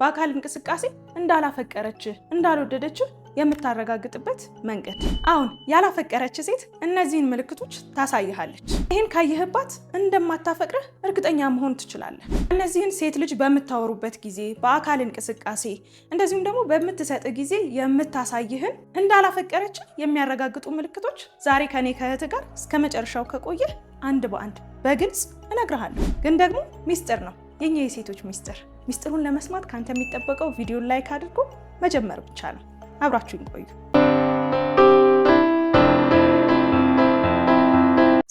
በአካል እንቅስቃሴ እንዳላፈቀረችህ እንዳልወደደችህ የምታረጋግጥበት መንገድ። አሁን ያላፈቀረች ሴት እነዚህን ምልክቶች ታሳይሃለች። ይህን ካየህባት እንደማታፈቅርህ እርግጠኛ መሆን ትችላለህ። እነዚህን ሴት ልጅ በምታወሩበት ጊዜ፣ በአካል እንቅስቃሴ እንደዚሁም ደግሞ በምትሰጥ ጊዜ የምታሳይህን እንዳላፈቀረች የሚያረጋግጡ ምልክቶች ዛሬ ከኔ ከእህትህ ጋር እስከ መጨረሻው ከቆየህ አንድ በአንድ በግልጽ እነግርሃለሁ። ግን ደግሞ ሚስጥር ነው የኛ የሴቶች ሚስጥር ሚስጥሩን ለመስማት ከአንተ የሚጠበቀው ቪዲዮን ላይክ አድርጎ መጀመር ብቻ ነው። አብራችሁን ቆዩ።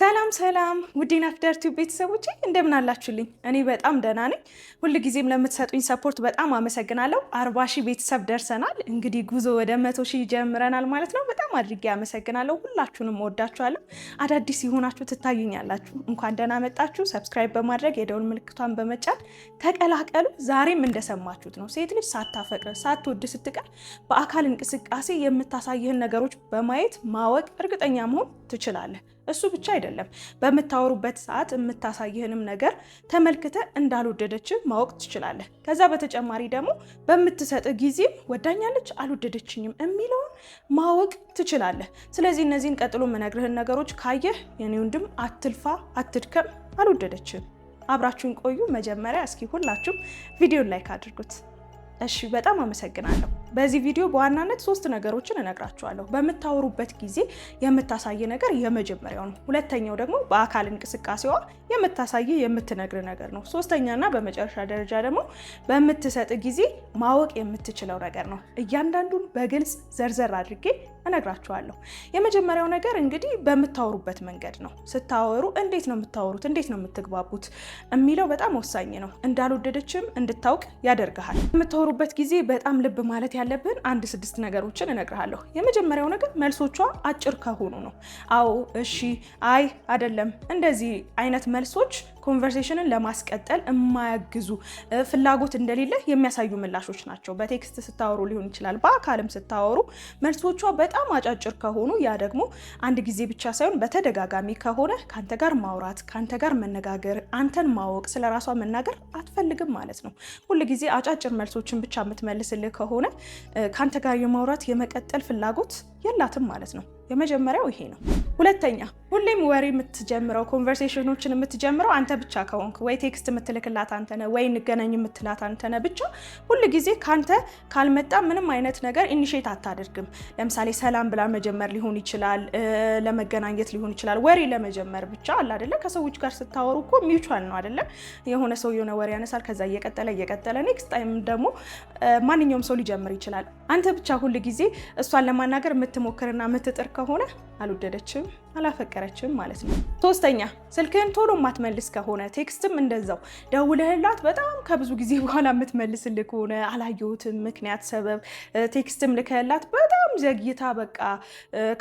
ሰላም ሰላም ውዴ ደርቲ ቲዩብ እንደምን አላችሁልኝ? እኔ በጣም ደህና ነኝ። ጊዜም ለምትሰጡኝ ሰፖርት በጣም አመሰግናለሁ። አርባ ሺህ ቤተሰብ ደርሰናል። እንግዲህ ጉዞ ወደ መቶ ሺህ ጀምረናል ማለት ነው። በጣም አድርጌ አመሰግናለሁ። ሁላችሁንም ወዳችኋለሁ። አዳዲስ የሆናችሁ ትታዩኛላችሁ፣ እንኳን ደህና መጣችሁ። ሰብስክራይብ በማድረግ የደውል ምልክቷን በመጫን ተቀላቀሉ። ዛሬም እንደሰማችሁት ነው፣ ሴት ልጅ ሳታፈቅር ሳትወድ ስትቀር በአካል እንቅስቃሴ የምታሳይህን ነገሮች በማየት ማወቅ፣ እርግጠኛ መሆን ትችላለህ። እሱ ብቻ አይደለም፣ በምታወሩበት ሰዓት የምታሳይህንም ነገር ተመልክተ እንዳልወደደች ማወቅ ትችላለህ። ከዛ በተጨማሪ ደግሞ በምትሰጥ ጊዜም ወዳኛለች፣ አልወደደችኝም የሚለውን ማወቅ ትችላለህ። ስለዚህ እነዚህን ቀጥሎ የምነግርህን ነገሮች ካየህ የኔ ወንድም አትልፋ፣ አትድከም፣ አልወደደችም። አብራችሁን ቆዩ። መጀመሪያ እስኪ ሁላችሁም ቪዲዮን ላይክ አድርጉት። እሺ፣ በጣም አመሰግናለሁ። በዚህ ቪዲዮ በዋናነት ሶስት ነገሮችን እነግራችኋለሁ። በምታወሩበት ጊዜ የምታሳይ ነገር የመጀመሪያው ነው። ሁለተኛው ደግሞ በአካል እንቅስቃሴዋ የምታሳይ የምትነግር ነገር ነው። ሶስተኛና በመጨረሻ ደረጃ ደግሞ በምትሰጥ ጊዜ ማወቅ የምትችለው ነገር ነው። እያንዳንዱን በግልጽ ዘርዘር አድርጌ እነግራችኋለሁ። የመጀመሪያው ነገር እንግዲህ በምታወሩበት መንገድ ነው። ስታወሩ እንዴት ነው የምታወሩት? እንዴት ነው የምትግባቡት? የሚለው በጣም ወሳኝ ነው። እንዳልወደደችም እንድታውቅ ያደርግሃል። በምታወሩበት ጊዜ በጣም ልብ ማለት ያለብን አንድ ስድስት ነገሮችን እነግርሃለሁ። የመጀመሪያው ነገር መልሶቿ አጭር ከሆኑ ነው። አዎ፣ እሺ፣ አይ፣ አይደለም፣ እንደዚህ አይነት መ መልሶች ኮንቨርሴሽንን ለማስቀጠል የማያግዙ ፍላጎት እንደሌለ የሚያሳዩ ምላሾች ናቸው። በቴክስት ስታወሩ ሊሆን ይችላል፣ በአካልም ስታወሩ መልሶቿ በጣም አጫጭር ከሆኑ ያ ደግሞ አንድ ጊዜ ብቻ ሳይሆን በተደጋጋሚ ከሆነ ከአንተ ጋር ማውራት፣ ከአንተ ጋር መነጋገር፣ አንተን ማወቅ፣ ስለ ራሷ መናገር አትፈልግም ማለት ነው። ሁል ጊዜ አጫጭር መልሶችን ብቻ የምትመልስልህ ከሆነ ከአንተ ጋር የማውራት የመቀጠል ፍላጎት የላትም ማለት ነው። የመጀመሪያው ይሄ ነው። ሁለተኛ ሁሌም ወሬ የምትጀምረው ኮንቨርሴሽኖችን የምትጀምረው አንተ ብቻ ከሆንክ ወይ ቴክስት የምትልክላት አንተነ ወይ እንገናኝ የምትላት አንተነ ብቻ ሁል ጊዜ ካንተ ካልመጣ ምንም አይነት ነገር ኢኒሼት አታደርግም። ለምሳሌ ሰላም ብላ መጀመር ሊሆን ይችላል፣ ለመገናኘት ሊሆን ይችላል፣ ወሬ ለመጀመር ብቻ አለ አደለ። ከሰዎች ጋር ስታወሩ እኮ ሚውቹዋል ነው አደለ። የሆነ ሰው የሆነ ወሬ ያነሳል፣ ከዛ እየቀጠለ እየቀጠለ ኔክስት ታይም ደግሞ ማንኛውም ሰው ሊጀምር ይችላል። አንተ ብቻ ሁል ጊዜ እሷን ለማናገር የምትሞክርና የምትጥር ከሆነ አልወደደችም አላፈቀረችም ማለት ነው። ሶስተኛ ስልክህን ቶሎ የማትመልስ ከሆነ ቴክስትም እንደዛው ደውለህላት በጣም ከብዙ ጊዜ በኋላ የምትመልስልህ ከሆነ አላየሁትም ምክንያት ሰበብ ቴክስትም ልከህላት በጣም ዘግይታ በቃ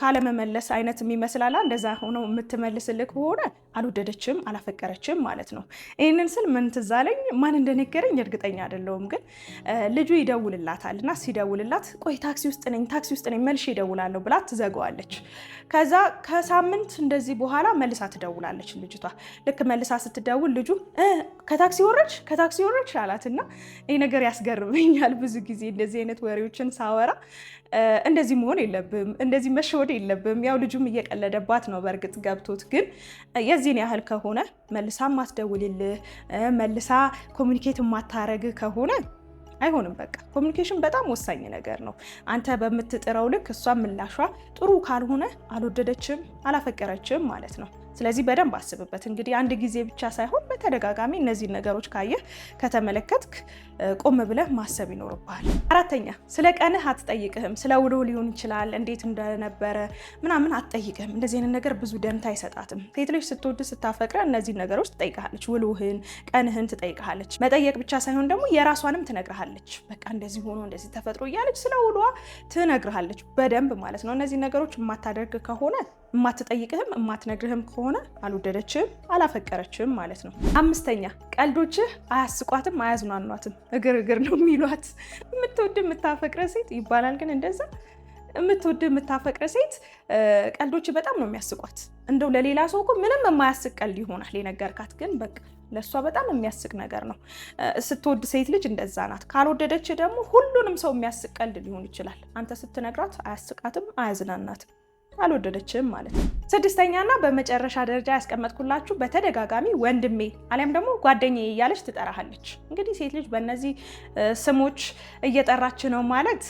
ካለመመለስ አይነት የሚመስላል እንደዛ ሆነው የምትመልስልህ ከሆነ አልወደደችም አላፈቀረችም ማለት ነው። ይህንን ስል ምን ትዝ አለኝ ማን እንደነገረኝ እርግጠኛ አይደለሁም፣ ግን ልጁ ይደውልላታል እና ሲደውልላት ቆይ ታክሲ ውስጥ ነኝ ታክሲ ውስጥ ነኝ መልሼ እደውላለሁ ብላት ትዘገዋለች። ከዛ ከሳምንት እንደዚህ በኋላ መልሳ ትደውላለች ልጅቷ። ልክ መልሳ ስትደውል ልጁ ከታክሲ ወረች ከታክሲ ወረች አላት እና ይህ ነገር ያስገርመኛል። ብዙ ጊዜ እንደዚህ አይነት ወሬዎችን ሳወራ እንደዚህ መሆን የለብም እንደዚህ መሸወድ የለብም። ያው ልጁም እየቀለደባት ነው በእርግጥ ገብቶት፣ ግን የዚህን ያህል ከሆነ መልሳ ማትደውልልህ መልሳ ኮሚኒኬት ማታረግ ከሆነ አይሆንም። በቃ ኮሚኒኬሽን በጣም ወሳኝ ነገር ነው። አንተ በምትጥረው ልክ እሷ ምላሿ ጥሩ ካልሆነ አልወደደችም፣ አላፈቀረችም ማለት ነው። ስለዚህ በደንብ አስብበት። እንግዲህ አንድ ጊዜ ብቻ ሳይሆን በተደጋጋሚ እነዚህን ነገሮች ካየህ ከተመለከትክ ቆም ብለህ ማሰብ ይኖርብሃል። አራተኛ ስለ ቀንህ አትጠይቅህም። ስለ ውሎ ሊሆን ይችላል እንዴት እንደነበረ ምናምን አትጠይቅህም። እንደዚህ አይነት ነገር ብዙ ደንታ አይሰጣትም። ሴት ልጅ ስትወድ ስታፈቅረ እነዚህ ነገሮች ትጠይቃለች። ውሎህን፣ ቀንህን ትጠይቃለች መጠየቅ ብቻ ሳይሆን ደግሞ የራሷንም ትነግርሃለች። በቃ እንደዚህ ሆኖ እንደዚህ ተፈጥሮ እያለች ስለ ውሏ ትነግርሃለች በደንብ ማለት ነው። እነዚህ ነገሮች የማታደርግ ከሆነ የማትጠይቅህም የማትነግርህም ከሆነ አልወደደችህም፣ አላፈቀረችህም ማለት ነው። አምስተኛ ቀልዶችህ አያስቋትም፣ አያዝኗኗትም፣ እግር እግር ነው የሚሏት። የምትወድ የምታፈቅረ ሴት ይባላል ግን እንደዛ የምትወድ የምታፈቅረ ሴት ቀልዶች በጣም ነው የሚያስቋት። እንደው ለሌላ ሰው እኮ ምንም የማያስቅ ቀልድ ይሆናል የነገርካት፣ ግን በቃ ለእሷ በጣም የሚያስቅ ነገር ነው። ስትወድ ሴት ልጅ እንደዛ ናት። ካልወደደች ደግሞ ሁሉንም ሰው የሚያስቅ ቀልድ ሊሆን ይችላል። አንተ ስትነግራት አያስቃትም፣ አያዝናናትም። አልወደደችም ማለት ነው። ስድስተኛና በመጨረሻ ደረጃ ያስቀመጥኩላችሁ በተደጋጋሚ ወንድሜ አሊያም ደግሞ ጓደኛዬ እያለች ትጠራሃለች። እንግዲህ ሴት ልጅ በእነዚህ ስሞች እየጠራች ነው ማለት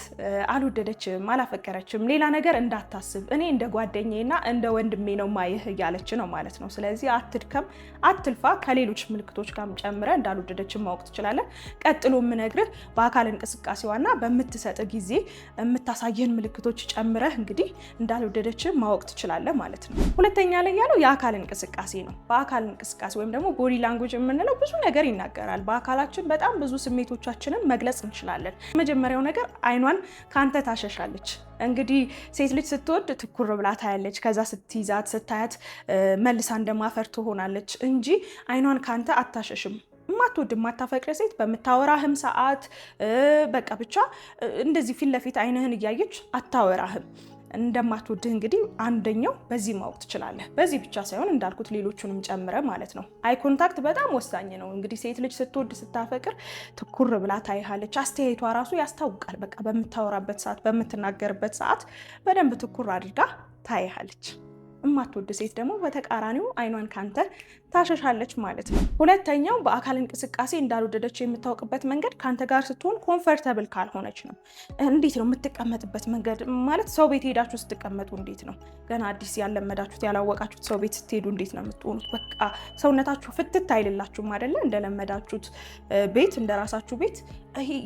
አልወደደችም፣ አላፈቀረችም። ሌላ ነገር እንዳታስብ፣ እኔ እንደ ጓደኛዬና እንደ ወንድሜ ነው ማየህ እያለች ነው ማለት ነው። ስለዚህ አትድከም፣ አትልፋ። ከሌሎች ምልክቶች ጋር ጨምረ እንዳልወደደችን ማወቅ ትችላለን። ቀጥሎ የምነግርህ በአካል እንቅስቃሴዋና በምትሰጥ ጊዜ የምታሳየን ምልክቶች ጨምረህ እንግዲህ እንዳልወደደችን ማወቅ ትችላለህ ማለት ነው። ነው። ሁለተኛ ላይ ያለው የአካል እንቅስቃሴ ነው። በአካል እንቅስቃሴ ወይም ደግሞ ቦዲ ላንጉጅ የምንለው ብዙ ነገር ይናገራል። በአካላችን በጣም ብዙ ስሜቶቻችንን መግለጽ እንችላለን። የመጀመሪያው ነገር አይኗን ከአንተ ታሸሻለች። እንግዲህ ሴት ልጅ ስትወድ ትኩር ብላ ታያለች። ከዛ ስትይዛት ስታያት መልሳ እንደማፈር ትሆናለች እንጂ አይኗን ከአንተ አታሸሽም። የማትወድ የማታፈቅር ሴት በምታወራህም ሰዓት በቃ ብቻ እንደዚህ ፊት ለፊት አይንህን እያየች አታወራህም። እንደማትወድህ እንግዲህ አንደኛው በዚህ ማወቅ ትችላለህ። በዚህ ብቻ ሳይሆን እንዳልኩት ሌሎቹንም ጨምረ ማለት ነው። አይ ኮንታክት በጣም ወሳኝ ነው። እንግዲህ ሴት ልጅ ስትወድ ስታፈቅር ትኩር ብላ ታይሃለች። አስተያየቷ ራሱ ያስታውቃል። በቃ በምታወራበት ሰዓት፣ በምትናገርበት ሰዓት በደንብ ትኩር አድርጋ ታይሃለች። እማትወድ ሴት ደግሞ በተቃራኒው አይኗን ካንተ ታሸሻለች ማለት ነው። ሁለተኛው በአካል እንቅስቃሴ እንዳልወደደች የምታውቅበት መንገድ ከአንተ ጋር ስትሆን ኮንፈርተብል ካልሆነች ነው። እንዴት ነው የምትቀመጥበት መንገድ ማለት ሰው ቤት ሄዳችሁ ስትቀመጡ እንዴት ነው? ገና አዲስ ያለመዳችሁት ያላወቃችሁት ሰው ቤት ስትሄዱ እንዴት ነው የምትሆኑት? በቃ ሰውነታችሁ ፍትት አይልላችሁም አይደለ? እንደለመዳችሁት ቤት እንደ ቤት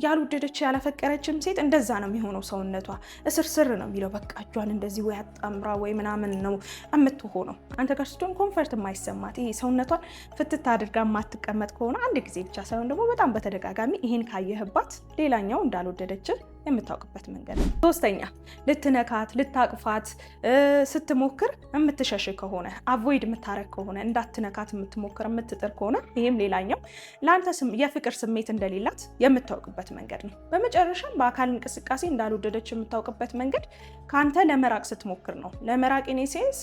ያልወደደች ያላፈቀረችም ሴት እንደዛ ነው የሚሆነው። ሰውነቷ እስርስር ነው የሚለው። በቃ እጇን እንደዚህ ወይ አጣምራ ወይ ምናምን ነው የምትሆነው። አንተ ጋር ስትሆን ኮንፈርት የማይሰማት ይሄ ሰው ሰውነቷን ፍትት አድርጋ የማትቀመጥ ከሆነ አንድ ጊዜ ብቻ ሳይሆን ደግሞ በጣም በተደጋጋሚ ይሄን ካየህባት ሌላኛው እንዳልወደደችን የምታውቅበት መንገድ ነው። ሶስተኛ ልትነካት ልታቅፋት ስትሞክር የምትሸሽ ከሆነ አቮይድ የምታረግ ከሆነ እንዳትነካት የምትሞክር የምትጥር ከሆነ ይህም ሌላኛው ለአንተ የፍቅር ስሜት እንደሌላት የምታውቅበት መንገድ ነው። በመጨረሻም በአካል እንቅስቃሴ እንዳልወደደች የምታውቅበት መንገድ ከአንተ ለመራቅ ስትሞክር ነው። ለመራቅ ኢኔሴንስ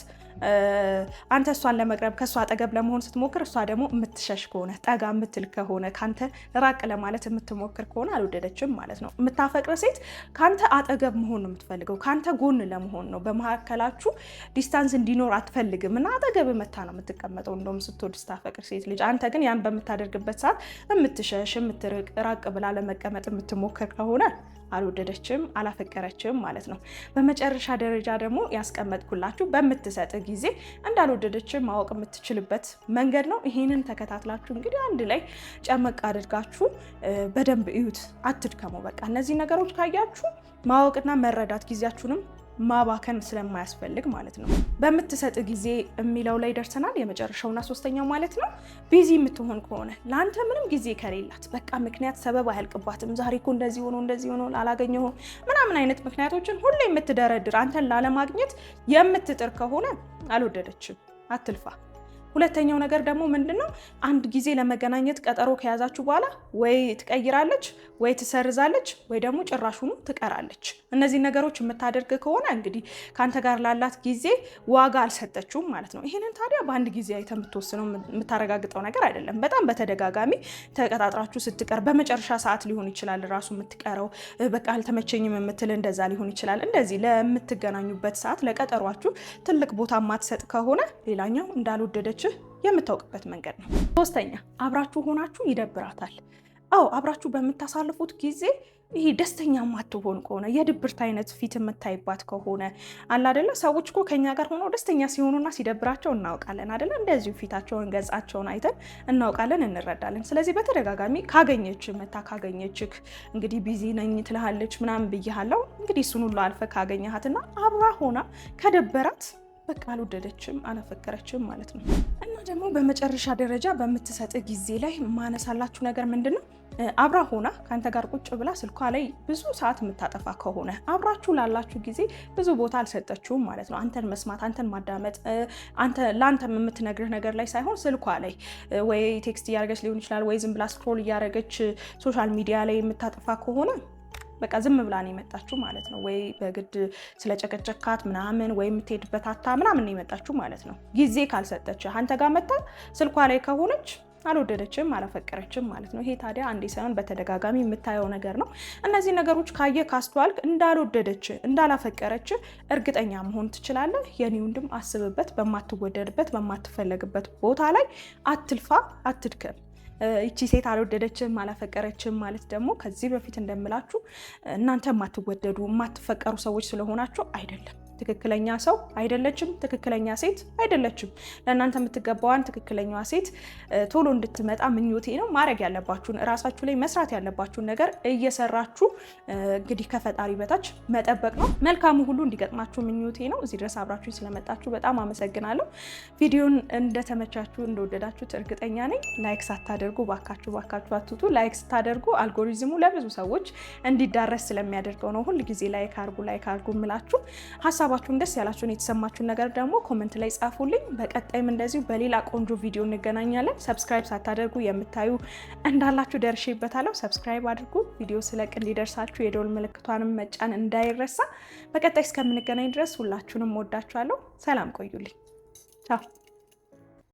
አንተ እሷን ለመቅረብ ከእሷ አጠገብ ለመሆን ስትሞክር እሷ ደግሞ የምትሸሽ ከሆነ ጠጋ የምትል ከሆነ ከአንተ ራቅ ለማለት የምትሞክር ከሆነ አልወደደችም ማለት ነው። የምታፈቅር ሴት ከአንተ አጠገብ መሆን ነው የምትፈልገው፣ ከአንተ ጎን ለመሆን ነው። በመካከላችሁ ዲስታንስ እንዲኖር አትፈልግም እና አጠገብ መታ ነው የምትቀመጠው። እንደውም ስትወድ ስታፈቅር ሴት ልጅ አንተ ግን ያን በምታደርግበት ሰዓት የምትሸሽ የምትርቅ ራቅ ብላ ለመቀመጥ የምትሞክር ከሆነ አልወደደችም፣ አላፈቀረችም ማለት ነው። በመጨረሻ ደረጃ ደግሞ ያስቀመጥኩላችሁ በምትሰጥ ጊዜ እንዳልወደደችም ማወቅ የምትችልበት መንገድ ነው። ይህንን ተከታትላችሁ እንግዲህ አንድ ላይ ጨመቅ አድርጋችሁ በደንብ እዩት። አትድከሙ። በቃ እነዚህ ነገሮች ካያችሁ ማወቅና መረዳት ጊዜያችሁንም ማባከን ስለማያስፈልግ ማለት ነው። በምትሰጥ ጊዜ የሚለው ላይ ደርሰናል። የመጨረሻውና ሶስተኛው ማለት ነው። ቢዚ የምትሆን ከሆነ ለአንተ ምንም ጊዜ ከሌላት በቃ ምክንያት ሰበብ አያልቅባትም። ዛሬ እኮ እንደዚህ ሆኖ እንደዚህ ሆኖ አላገኘሁም ምናምን አይነት ምክንያቶችን ሁሉ የምትደረድር አንተን ላለማግኘት የምትጥር ከሆነ አልወደደችም፣ አትልፋ። ሁለተኛው ነገር ደግሞ ምንድን ነው፣ አንድ ጊዜ ለመገናኘት ቀጠሮ ከያዛችሁ በኋላ ወይ ትቀይራለች፣ ወይ ትሰርዛለች፣ ወይ ደግሞ ጭራሹኑ ትቀራለች። እነዚህ ነገሮች የምታደርግ ከሆነ እንግዲህ ከአንተ ጋር ላላት ጊዜ ዋጋ አልሰጠችውም ማለት ነው። ይህንን ታዲያ በአንድ ጊዜ አይተ የምትወስነው የምታረጋግጠው ነገር አይደለም። በጣም በተደጋጋሚ ተቀጣጥራችሁ ስትቀር በመጨረሻ ሰዓት ሊሆን ይችላል ራሱ የምትቀረው። በቃ አልተመቸኝም የምትል እንደዛ ሊሆን ይችላል። እንደዚህ ለምትገናኙበት ሰዓት ለቀጠሯችሁ ትልቅ ቦታ ማትሰጥ ከሆነ ሌላኛው እንዳልወደደች የምታውቅበት መንገድ ነው። ሶስተኛ አብራችሁ ሆናችሁ ይደብራታል። አዎ አብራችሁ በምታሳልፉት ጊዜ ይሄ ደስተኛ ማትሆን ከሆነ የድብርት አይነት ፊት የምታይባት ከሆነ አለ አደለ። ሰዎች እኮ ከኛ ጋር ሆነው ደስተኛ ሲሆኑና ሲደብራቸው እናውቃለን አደለ። እንደዚሁ ፊታቸውን ገጻቸውን አይተን እናውቃለን፣ እንረዳለን። ስለዚህ በተደጋጋሚ ካገኘች መታ ካገኘችክ እንግዲህ ቢዚ ነኝ ትልሃለች ምናምን ብያሃለው። እንግዲህ እሱን ሁሉ አልፈ ካገኘሃትና አብራ ሆና ከደበራት በቃ አልወደደችም፣ አላፈቀረችም ማለት ነው። እና ደግሞ በመጨረሻ ደረጃ በምትሰጥ ጊዜ ላይ ማነሳላችሁ ነገር ምንድን ነው? አብራ ሆና ከአንተ ጋር ቁጭ ብላ ስልኳ ላይ ብዙ ሰዓት የምታጠፋ ከሆነ አብራችሁ ላላችሁ ጊዜ ብዙ ቦታ አልሰጠችውም ማለት ነው። አንተን መስማት፣ አንተን ማዳመጥ፣ ለአንተም የምትነግርህ ነገር ላይ ሳይሆን ስልኳ ላይ ወይ ቴክስት እያደረገች ሊሆን ይችላል፣ ወይ ዝም ብላ ስክሮል እያደረገች ሶሻል ሚዲያ ላይ የምታጠፋ ከሆነ በቃ ዝም ብላ ነው የመጣችሁ ማለት ነው። ወይ በግድ ስለጨቀጨካት ምናምን ወይ የምትሄድበት አታ ምናምን ነው የመጣችሁ ማለት ነው። ጊዜ ካልሰጠች አንተ ጋር መጣ ስልኳ ላይ ከሆነች አልወደደችም፣ አላፈቀረችም ማለት ነው። ይሄ ታዲያ አንዴ ሳይሆን በተደጋጋሚ የምታየው ነገር ነው። እነዚህ ነገሮች ካየ ካስተዋልክ እንዳልወደደች እንዳላፈቀረች እርግጠኛ መሆን ትችላለህ። የኔ ወንድም አስብበት። በማትወደድበት በማትፈለግበት ቦታ ላይ አትልፋ፣ አትድከም። ይቺ ሴት አልወደደችም አላፈቀረችም ማለት ደግሞ ከዚህ በፊት እንደምላችሁ እናንተ የማትወደዱ የማትፈቀሩ ሰዎች ስለሆናችሁ አይደለም። ትክክለኛ ሰው አይደለችም፣ ትክክለኛ ሴት አይደለችም። ለእናንተ የምትገባዋን ትክክለኛዋ ሴት ቶሎ እንድትመጣ ምኞቴ ነው። ማድረግ ያለባችሁን እራሳችሁ ላይ መስራት ያለባችሁን ነገር እየሰራችሁ እንግዲህ ከፈጣሪ በታች መጠበቅ ነው። መልካሙ ሁሉ እንዲገጥማችሁ ምኞቴ ነው። እዚህ ድረስ አብራችሁ ስለመጣችሁ በጣም አመሰግናለሁ። ቪዲዮን እንደተመቻችሁ እንደወደዳችሁት እርግጠኛ ነኝ። ላይክ ሳታደርጉ ባካችሁ ባካችሁ አትቱ። ላይክ ስታደርጉ አልጎሪዝሙ ለብዙ ሰዎች እንዲዳረስ ስለሚያደርገው ነው ሁል ጊዜ ላይክ አርጉ ላይክ አርጉ የምላችሁ ሀሳብ ሀሳባችሁን፣ ደስ ያላችሁን፣ የተሰማችሁን ነገር ደግሞ ኮመንት ላይ ጻፉልኝ። በቀጣይም እንደዚሁ በሌላ ቆንጆ ቪዲዮ እንገናኛለን። ሰብስክራይብ ሳታደርጉ የምታዩ እንዳላችሁ ደርሼበታለሁ። ሰብስክራይብ አድርጉ። ቪዲዮ ስለቅ እንዲደርሳችሁ የደወል ምልክቷንም መጫን እንዳይረሳ። በቀጣይ እስከምንገናኝ ድረስ ሁላችሁንም ወዳችኋለሁ። ሰላም ቆዩልኝ። ቻው